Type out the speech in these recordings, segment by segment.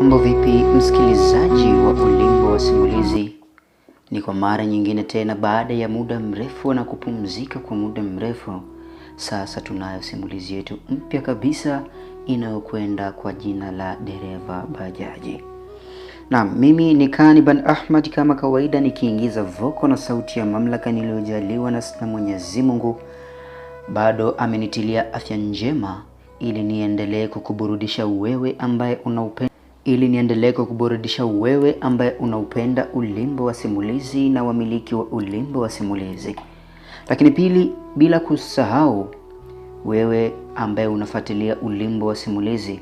Mambo vipi msikilizaji wa Ulimbo wa Simulizi? Ni kwa mara nyingine tena, baada ya muda mrefu na kupumzika kwa muda mrefu, sasa tunayo simulizi yetu mpya kabisa inayokwenda kwa jina la Dereva Bajaji. nam mimi ni Kaniban Ahmad, kama kawaida nikiingiza voko na sauti ya mamlaka niliyojaliwa na Mwenyezi Mungu, bado amenitilia afya njema ili niendelee kukuburudisha wewe ambaye unaupenda ili niendelee kukuburudisha wewe ambaye unaupenda ulimbo wa simulizi na wamiliki wa ulimbo wa simulizi. Lakini pili, bila kusahau wewe ambaye unafuatilia ulimbo wa simulizi,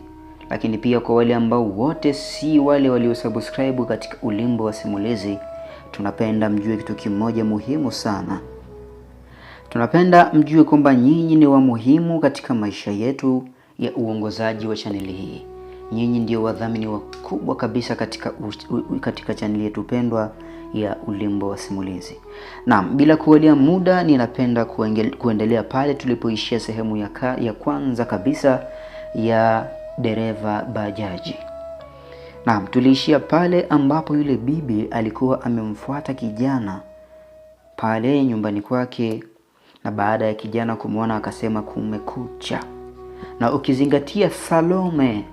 lakini pia kwa wale ambao wote si wale waliosubscribe katika ulimbo wa simulizi, tunapenda mjue kitu kimoja muhimu sana. Tunapenda mjue kwamba nyinyi ni wa muhimu katika maisha yetu ya uongozaji wa chaneli hii nyinyi ndio wadhamini wakubwa kabisa katika, katika chaneli yetu pendwa ya Ulimbo wa Simulizi. Naam, bila kuwadia muda, ninapenda kuendelea pale tulipoishia sehemu ya, ka, ya kwanza kabisa ya dereva bajaji. Naam, tuliishia pale ambapo yule bibi alikuwa amemfuata kijana pale nyumbani kwake, na baada ya kijana kumwona akasema kumekucha, na ukizingatia Salome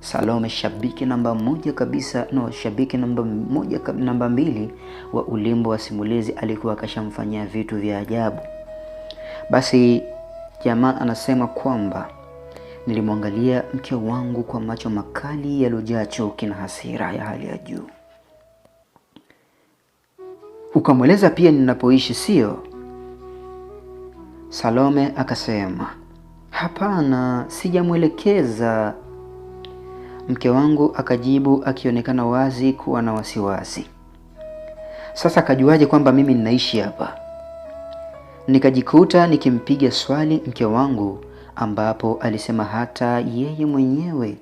Salome, shabiki namba moja kabisa no, shabiki namba moja, namba mbili wa ulimbo wa simulizi, alikuwa akashamfanyia vitu vya ajabu. Basi jamaa anasema kwamba nilimwangalia mke wangu kwa macho makali yaliyojaa choki na hasira ya hali ya juu, ukamweleza pia ninapoishi, sio? Salome akasema hapana, sijamwelekeza Mke wangu akajibu akionekana wazi kuwa na wasiwasi. Sasa akajuaje kwamba mimi ninaishi hapa? Nikajikuta nikimpiga swali mke wangu ambapo alisema hata yeye mwenyewe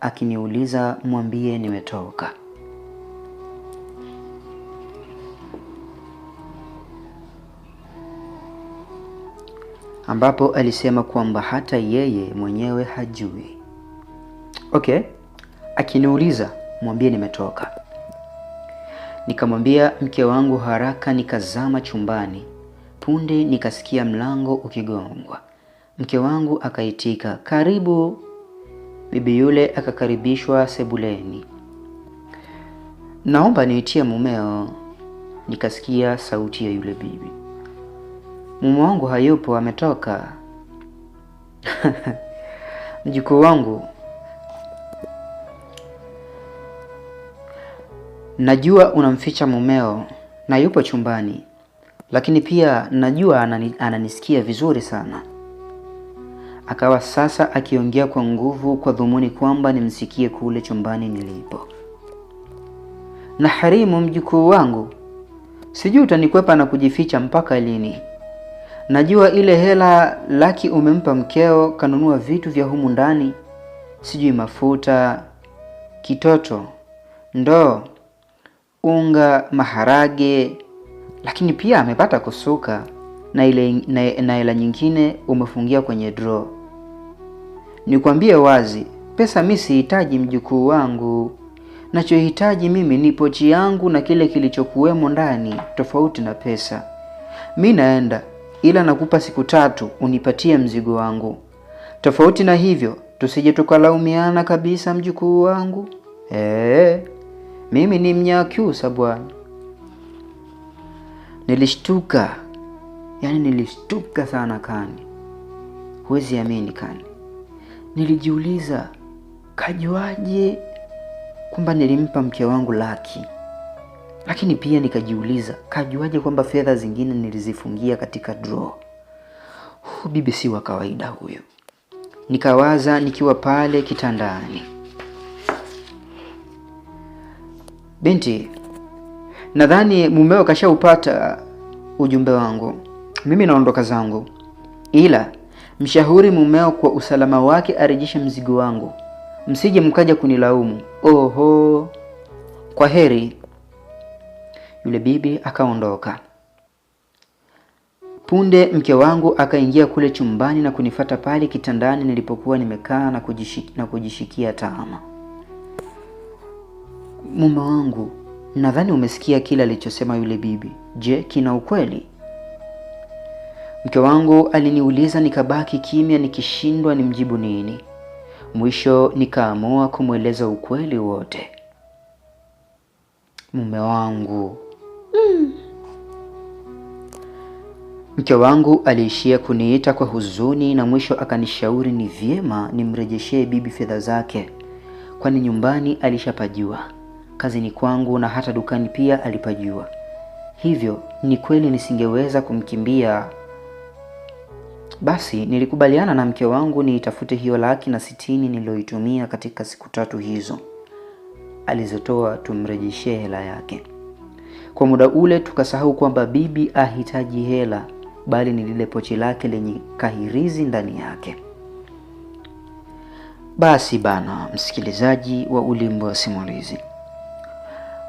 akiniuliza mwambie nimetoka. Ambapo alisema kwamba hata yeye mwenyewe hajui. Okay. Akiniuliza mwambie nimetoka. Nikamwambia mke wangu haraka, nikazama chumbani. Punde nikasikia mlango ukigongwa. Mke wangu akaitika, karibu. Bibi yule akakaribishwa sebuleni. Naomba niitie mumeo, nikasikia sauti ya yule bibi. Mume wangu hayupo, ametoka. Mjukuu wangu Najua unamficha mumeo na yupo chumbani, lakini pia najua ananisikia vizuri sana. Akawa sasa akiongea kwa nguvu kwa dhumuni kwamba nimsikie kule chumbani nilipo. Na harimu mjukuu wangu, sijui utanikwepa na kujificha mpaka lini? Najua ile hela laki umempa mkeo, kanunua vitu vya humu ndani, sijui mafuta, kitoto, ndoo unga, maharage, lakini pia amepata kusuka na ile na hela nyingine umefungia kwenye draw. Nikwambie wazi, pesa mi sihitaji mjukuu wangu. Nachohitaji mimi ni pochi yangu na kile kilichokuwemo ndani, tofauti na pesa. Mi naenda, ila nakupa siku tatu unipatie mzigo wangu. Tofauti na hivyo, tusije tukalaumiana kabisa, mjukuu wangu. Eee mimi ni Mnyakyusa bwana. Nilishtuka, yaani nilishtuka sana kani, huwezi amini kani. Nilijiuliza kajuaje kwamba nilimpa mke wangu laki, lakini pia nikajiuliza kajuaje kwamba fedha zingine nilizifungia katika draw. Bibi si wa kawaida huyo. Nikawaza nikiwa pale kitandani. Binti, nadhani mumeo kashaupata ujumbe wangu. Mimi naondoka zangu, ila mshauri mumeo kwa usalama wake arejeshe mzigo wangu, msije mkaja kunilaumu. Oho, kwa heri. Yule bibi akaondoka. Punde mke wangu akaingia kule chumbani na kunifata pale kitandani nilipokuwa nimekaa na kujishikia taama. Mume wangu, nadhani umesikia kile alichosema yule bibi. Je, kina ukweli? Mke wangu aliniuliza nikabaki kimya nikishindwa nimjibu nini. Mwisho nikaamua kumweleza ukweli wote. Mume wangu mm. Mke wangu aliishia kuniita kwa huzuni na mwisho akanishauri ni vyema nimrejeshee bibi fedha zake, kwani nyumbani alishapajua kazini kwangu na hata dukani pia alipajua. Hivyo ni kweli nisingeweza kumkimbia. Basi nilikubaliana na mke wangu niitafute hiyo laki na sitini niliyoitumia katika siku tatu hizo alizotoa tumrejeshee hela yake. Kwa muda ule tukasahau kwamba bibi ahitaji hela, bali ni lile pochi lake lenye kahirizi ndani yake. Basi bana, msikilizaji wa Ulimbo wa Simulizi.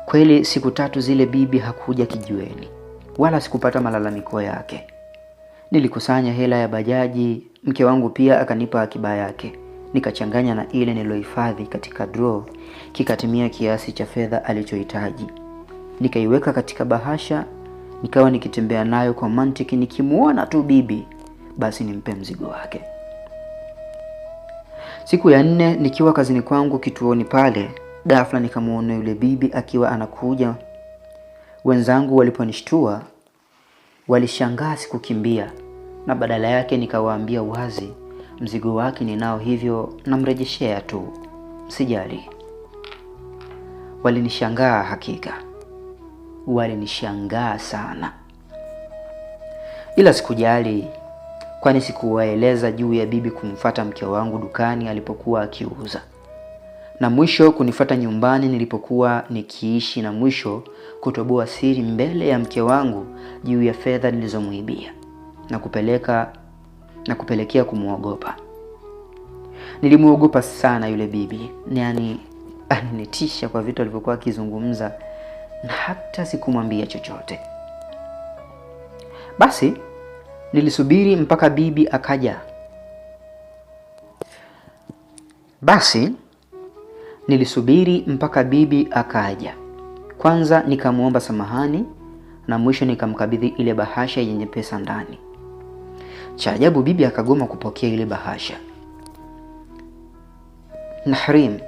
Kweli siku tatu zile bibi hakuja kijiweni, wala sikupata malalamiko yake. Nilikusanya hela ya bajaji, mke wangu pia akanipa akiba yake, nikachanganya na ile nilohifadhi katika draw, kikatimia kiasi cha fedha alichohitaji. Nikaiweka katika bahasha, nikawa nikitembea nayo kwa mantiki, nikimwona tu bibi basi nimpe mzigo wake. Siku ya nne nikiwa kazini kwangu kituoni pale Ghafla nikamwona yule bibi akiwa anakuja. Wenzangu waliponishtua walishangaa sikukimbia, na badala yake nikawaambia wazi, mzigo wake ninao, hivyo namrejeshea tu, msijali. Walinishangaa hakika, walinishangaa sana, ila sikujali, kwani sikuwaeleza juu ya bibi kumfata mke wangu dukani alipokuwa akiuza na mwisho kunifata nyumbani nilipokuwa nikiishi, na mwisho kutoboa siri mbele ya mke wangu juu ya fedha nilizomwibia na kupeleka na kupelekea kumwogopa. Nilimwogopa sana yule bibi, yani alinitisha kwa vitu alivyokuwa akizungumza, na hata sikumwambia chochote. Basi nilisubiri mpaka bibi akaja. Basi Nilisubiri mpaka bibi akaja. Kwanza nikamwomba samahani na mwisho nikamkabidhi ile bahasha yenye pesa ndani. Cha ajabu, bibi akagoma kupokea ile bahasha. Nahrim,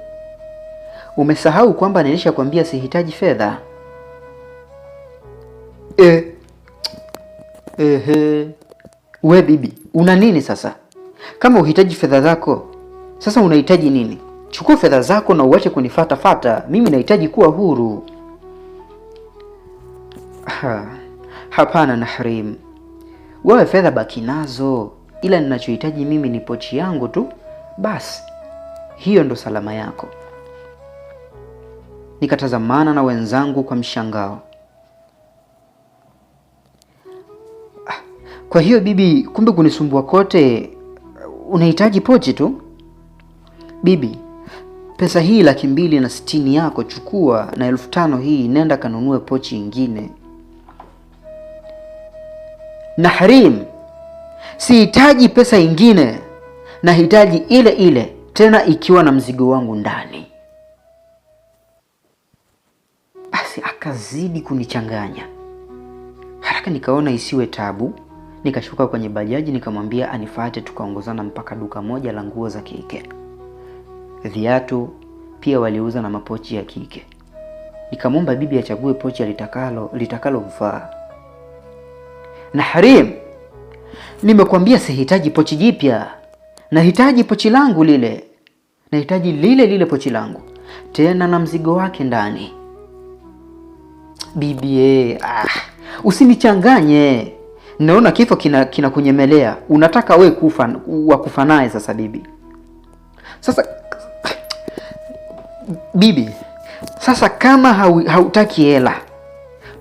umesahau kwamba nilishakwambia sihitaji fedha e. Ehe, we bibi, una nini sasa? Kama uhitaji fedha zako, sasa unahitaji nini? Chukua fedha zako na uache kunifatafata, mimi nahitaji kuwa huru. Ha, hapana Nahrim, wewe fedha baki nazo, ila ninachohitaji mimi ni pochi yangu tu basi, hiyo ndo salama yako. Nikatazamana na wenzangu kwa mshangao. Ah, kwa hiyo bibi, kumbe kunisumbua kote unahitaji pochi tu bibi? Pesa hii laki mbili na sitini yako chukua, na elfu tano hii nenda kanunue pochi ingine. Nahrim, sihitaji pesa ingine, nahitaji ile ile tena ikiwa na mzigo wangu ndani. Basi akazidi kunichanganya. Haraka nikaona isiwe tabu, nikashuka kwenye bajaji nikamwambia anifate tukaongozana mpaka duka moja la nguo za kike viatu, pia waliuza na mapochi ya kike. Nikamwomba bibi achague pochi litakalo litakalomfaa. Na Harim, nimekwambia sihitaji pochi jipya, nahitaji pochi langu lile, nahitaji lile lile pochi langu tena na mzigo wake ndani. Bibi, eh, ah, usinichanganye, naona kifo kinakunyemelea, kina unataka we kufa, wakufa naye sasa bibi, sasa bibi, sasa kama hautaki hela,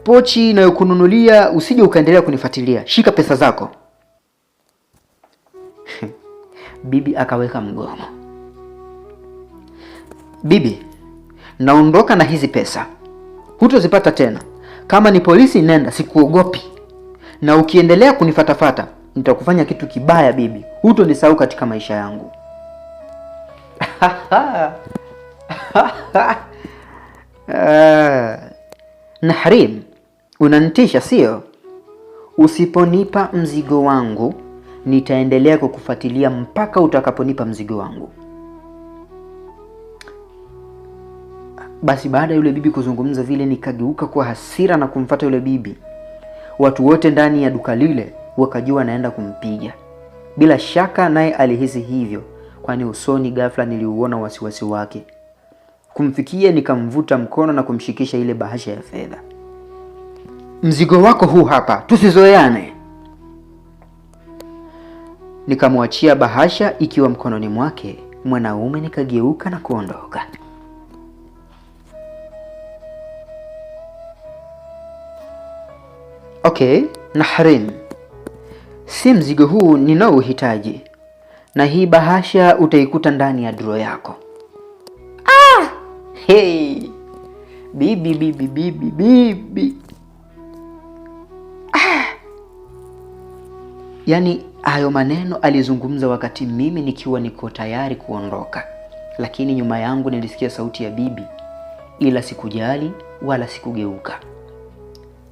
pochi inayokununulia usije ukaendelea kunifuatilia, shika pesa zako. Bibi akaweka mgomo. Bibi, naondoka na hizi pesa, hutozipata tena. Kama ni polisi, nenda, sikuogopi, na ukiendelea kunifatafata nitakufanya kitu kibaya bibi, hutonisahau katika maisha yangu. Eh, Nahrim, unanitisha sio? Usiponipa mzigo wangu nitaendelea kukufuatilia mpaka utakaponipa mzigo wangu. Basi baada ya yule bibi kuzungumza vile, nikageuka kwa hasira na kumfata yule bibi. Watu wote ndani ya duka lile wakajua naenda kumpiga. Bila shaka naye alihisi hivyo, kwani usoni ghafla niliuona wasiwasi wake kumfikia nikamvuta mkono na kumshikisha ile bahasha ya fedha. Mzigo wako huu hapa, tusizoeane. Nikamwachia bahasha ikiwa mkononi mwake mwanaume, nikageuka na kuondoka. Okay, Nahrim, si mzigo huu ninaouhitaji, na hii bahasha utaikuta ndani ya duro yako. Hey. Bibi bibi bibi bibi. Ah. Yaani hayo maneno alizungumza wakati mimi nikiwa niko tayari kuondoka, lakini nyuma yangu nilisikia sauti ya bibi, ila sikujali wala sikugeuka.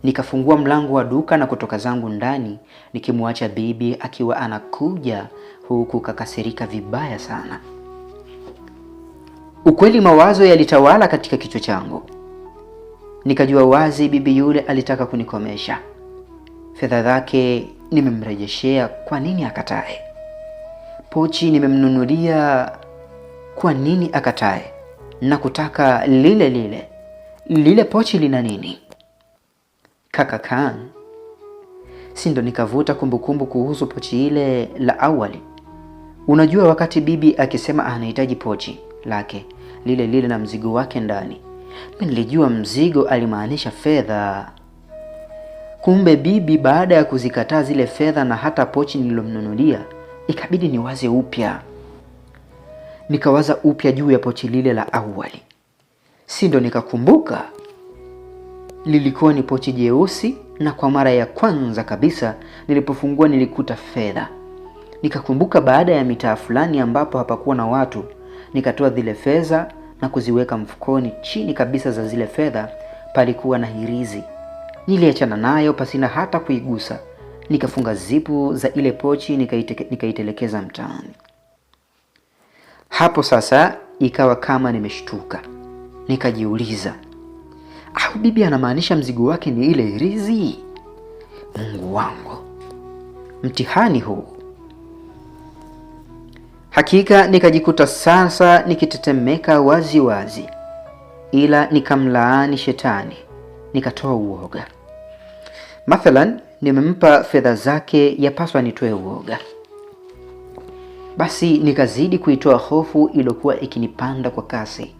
Nikafungua mlango wa duka na kutoka zangu ndani nikimwacha bibi akiwa anakuja huku kakasirika vibaya sana. Ukweli mawazo yalitawala katika kichwa changu, nikajua wazi bibi yule alitaka kunikomesha. Fedha zake nimemrejeshea, kwa nini akatae? Pochi nimemnunulia, kwa nini akatae na kutaka lile lile? Lile pochi lina nini? Kaka Khan, si ndo nikavuta kumbukumbu kuhusu pochi ile la awali. Unajua, wakati bibi akisema anahitaji pochi lake lile lile na mzigo wake ndani. Mimi nilijua mzigo alimaanisha fedha. Kumbe bibi baada ya kuzikataa zile fedha na hata pochi nililomnunulia, ikabidi niwaze upya. Nikawaza upya juu ya pochi lile la awali, si ndo nikakumbuka lilikuwa ni pochi jeusi, na kwa mara ya kwanza kabisa nilipofungua nilikuta fedha. Nikakumbuka baada ya mitaa fulani ambapo hapakuwa na watu nikatoa zile fedha na kuziweka mfukoni. Chini kabisa za zile fedha palikuwa na hirizi. Niliachana nayo pasina hata kuigusa, nikafunga zipu za ile pochi nikaitelekeza mtaani. Hapo sasa ikawa kama nimeshtuka, nikajiuliza, au bibi anamaanisha mzigo wake ni ile hirizi? Mungu wangu, mtihani huu! Hakika nikajikuta sasa nikitetemeka wazi wazi, ila nikamlaani shetani, nikatoa uoga. Mathalan, nimempa fedha zake, yapaswa nitoe uoga. Basi nikazidi kuitoa hofu iliyokuwa ikinipanda kwa kasi,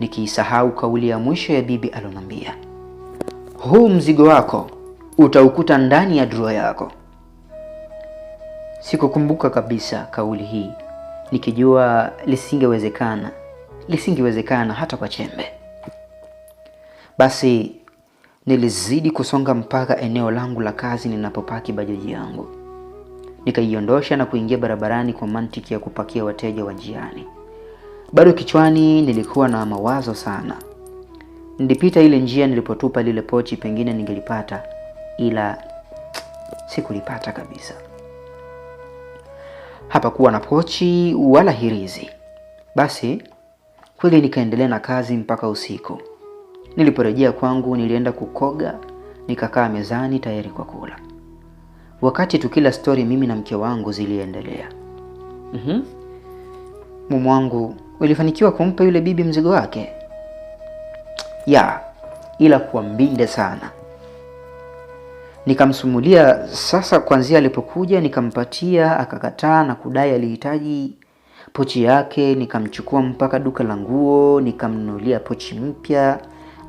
nikiisahau kauli ya mwisho ya bibi alonambia huu mzigo wako utaukuta ndani ya droo yako. Sikukumbuka kabisa kauli hii nikijua lisingewezekana, lisingewezekana hata kwa chembe. Basi nilizidi kusonga mpaka eneo langu la kazi ninapopaki bajaji yangu, nikaiondosha na kuingia barabarani kwa mantiki ya kupakia wateja wa njiani. Bado kichwani nilikuwa na mawazo sana. Nilipita ile njia nilipotupa lile pochi, pengine ningelipata, ila sikulipata kabisa hapakuwa na pochi wala hirizi. Basi kweli nikaendelea na kazi mpaka usiku. Niliporejea kwangu, nilienda kukoga, nikakaa mezani tayari kwa kula. Wakati tukila stori, mimi na mke wangu ziliendelea. Mhm, mume wangu, ulifanikiwa kumpa yule bibi mzigo wake? Ya, ila kwa mbinde sana. Nikamsumulia sasa kwanzia alipokuja, nikampatia akakataa na kudai alihitaji pochi yake. Nikamchukua mpaka duka la nguo, nikamnunulia pochi mpya,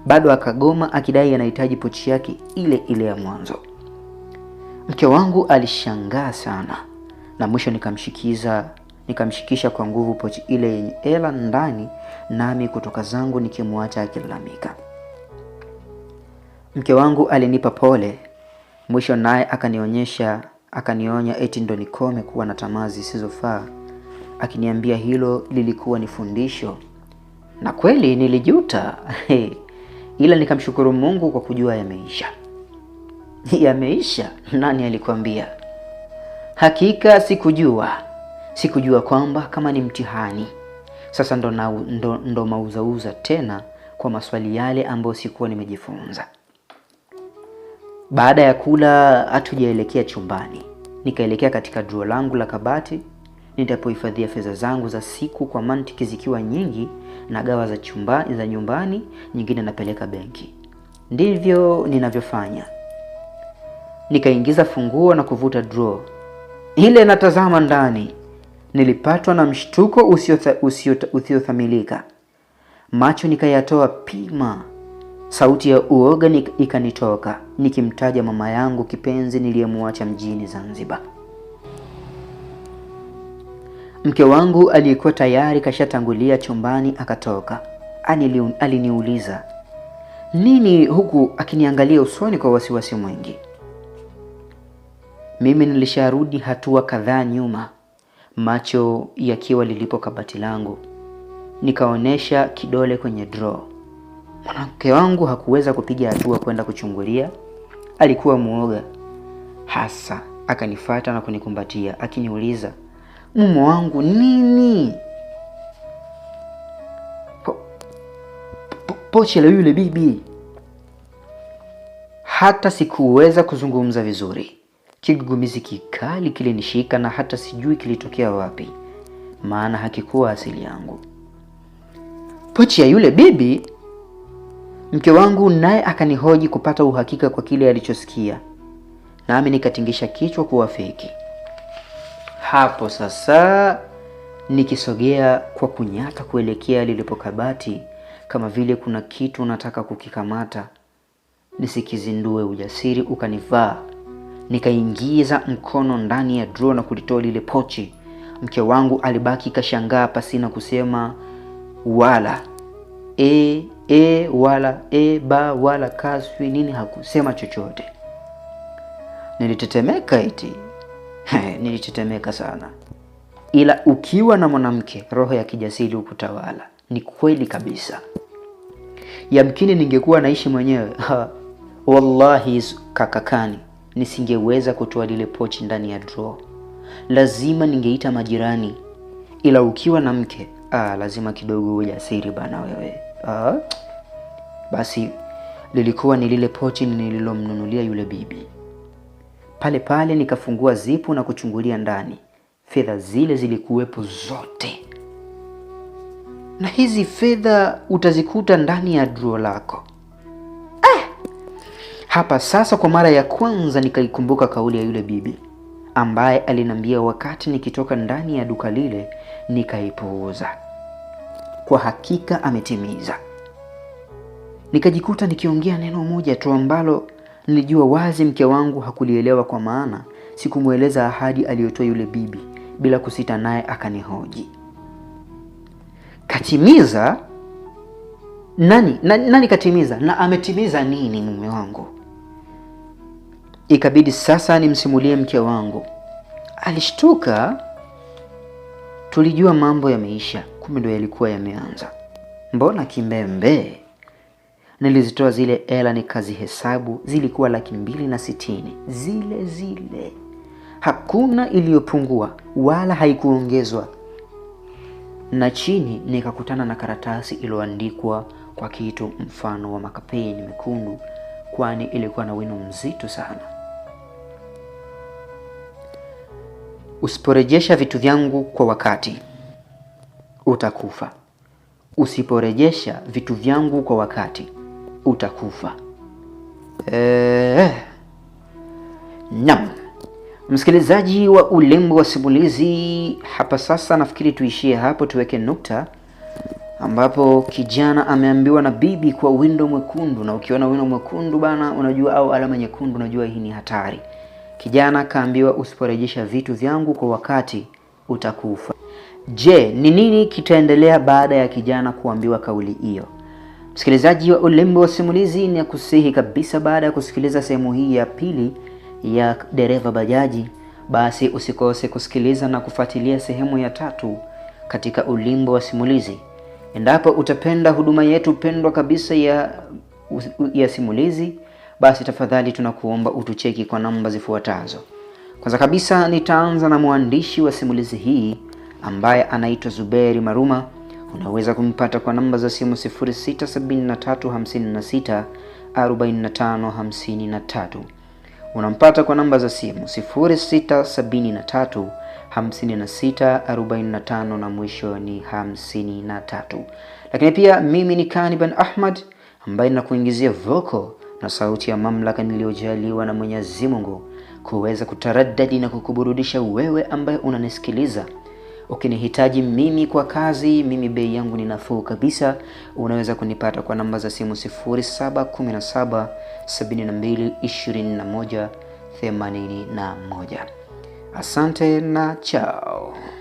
bado akagoma akidai anahitaji pochi yake ile ile ya mwanzo. Mke wangu alishangaa sana, na mwisho nikamshikiza nikamshikisha kwa nguvu pochi ile yenye hela ndani, nami kutoka zangu nikimwacha akilalamika. Mke wangu alinipa pole Mwisho naye akanionyesha akanionya eti ndo nikome kuwa na tamaa zisizofaa, akiniambia hilo lilikuwa ni fundisho, na kweli nilijuta ila nikamshukuru Mungu kwa kujua yameisha. Yameisha? Nani alikwambia? Hakika sikujua, sikujua kwamba kama ni mtihani. Sasa ndo, ndo, ndo mauzauza tena kwa maswali yale ambayo sikuwa nimejifunza. Baada ya kula, hatujaelekea chumbani, nikaelekea katika drawer langu la kabati nitapohifadhia fedha zangu za siku, kwa mantiki zikiwa nyingi na gawa za, chumba, za nyumbani, nyingine napeleka benki. Ndivyo ninavyofanya. Nikaingiza funguo na kuvuta drawer ile, natazama ndani. Nilipatwa na mshtuko usiothamilika, macho nikayatoa pima Sauti ya uoga ikanitoka nikimtaja mama yangu kipenzi niliyemwacha mjini Zanzibar. Mke wangu aliyekuwa tayari kashatangulia chumbani akatoka. Aliniuliza nini huku akiniangalia usoni kwa wasiwasi mwingi. Mimi nilisharudi hatua kadhaa nyuma, macho yakiwa lilipo kabati langu, nikaonyesha kidole kwenye draw. Mwanamke wangu hakuweza kupiga hatua kwenda kuchungulia, alikuwa mwoga hasa. akanifata na kunikumbatia akiniuliza, mume wangu nini po, po, poche la yule bibi. Hata sikuweza kuzungumza vizuri, kigugumizi kikali kilinishika na hata sijui kilitokea wapi, maana hakikuwa asili yangu. Pochi ya yule bibi Mke wangu naye akanihoji kupata uhakika kwa kile alichosikia, nami nikatingisha kichwa kuwa feki. Hapo sasa nikisogea kwa kunyata kuelekea lilipo kabati, kama vile kuna kitu nataka kukikamata nisikizindue. Ujasiri ukanivaa, nikaingiza mkono ndani ya drawer na kulitoa lile pochi. Mke wangu alibaki kashangaa pasina kusema wala e e wala e ba wala kaswi nini, hakusema chochote. Nilitetemeka eti nilitetemeka sana, ila ukiwa na mwanamke, roho ya kijasiri ukutawala. Ni kweli kabisa. Yamkini ningekuwa naishi mwenyewe wallahi kakakani, nisingeweza kutoa lile pochi ndani ya draw, lazima ningeita majirani. Ila ukiwa na mke ah, lazima kidogo ujasiri bana wewe uh, basi lilikuwa ni lile pochi nililomnunulia yule bibi. Pale pale nikafungua zipu na kuchungulia ndani, fedha zile zilikuwepo zote, na hizi fedha utazikuta ndani ya drawer lako. Ah! Hapa sasa kwa mara ya kwanza nikaikumbuka kauli ya yule bibi ambaye alinambia wakati nikitoka ndani ya duka lile nikaipuuza kwa hakika ametimiza. Nikajikuta nikiongea neno moja tu ambalo nilijua wazi mke wangu hakulielewa, kwa maana sikumweleza ahadi aliyotoa yule bibi. Bila kusita, naye akanihoji, katimiza nani? Nani, nani katimiza na ametimiza nini mume wangu? Ikabidi sasa nimsimulie mke wangu. Alishtuka, tulijua mambo yameisha kumi ndo yalikuwa yameanza. Mbona kimbembe? Nilizitoa zile hela nikazihesabu, zilikuwa laki mbili na sitini zile zile, hakuna iliyopungua wala haikuongezwa. Na chini nikakutana na karatasi iliyoandikwa kwa kitu mfano wa makapeni mekundu, kwani ilikuwa na wino mzito sana: usiporejesha vitu vyangu kwa wakati utakufa. Usiporejesha vitu vyangu kwa wakati utakufa. Eee. Eh. Naam, msikilizaji wa Ulimbo wa Simulizi, hapa sasa nafikiri tuishie hapo, tuweke nukta ambapo kijana ameambiwa na bibi kwa wino mwekundu, na ukiona wino mwekundu bana, unajua au alama nyekundu, unajua hii ni hatari. Kijana kaambiwa usiporejesha vitu vyangu kwa wakati utakufa. Je, ni nini kitaendelea baada ya kijana kuambiwa kauli hiyo? Msikilizaji wa Ulimbo wa Simulizi, ni kusihi kabisa, baada ya kusikiliza sehemu hii ya pili ya dereva bajaji, basi usikose kusikiliza na kufuatilia sehemu ya tatu katika Ulimbo wa Simulizi. Endapo utapenda huduma yetu pendwa kabisa ya, ya simulizi, basi tafadhali tunakuomba utucheki kwa namba zifuatazo. Kwanza kabisa nitaanza na mwandishi wa simulizi hii ambaye anaitwa Zuberi Maruma. Unaweza kumpata kwa namba za simu 0673564553. Unampata kwa namba za simu 0673 na mwisho ni 53. Lakini pia mimi ni Kaniban Ahmad ambaye nakuingizia voko na sauti ya mamlaka niliyojaliwa na Mwenyezi Mungu kuweza kutaradadi na kukuburudisha wewe ambaye unanisikiliza. Ukinihitaji mimi kwa kazi, mimi bei yangu ni nafuu kabisa. Unaweza kunipata kwa namba za simu 0717 72 21 81. Asante na chao.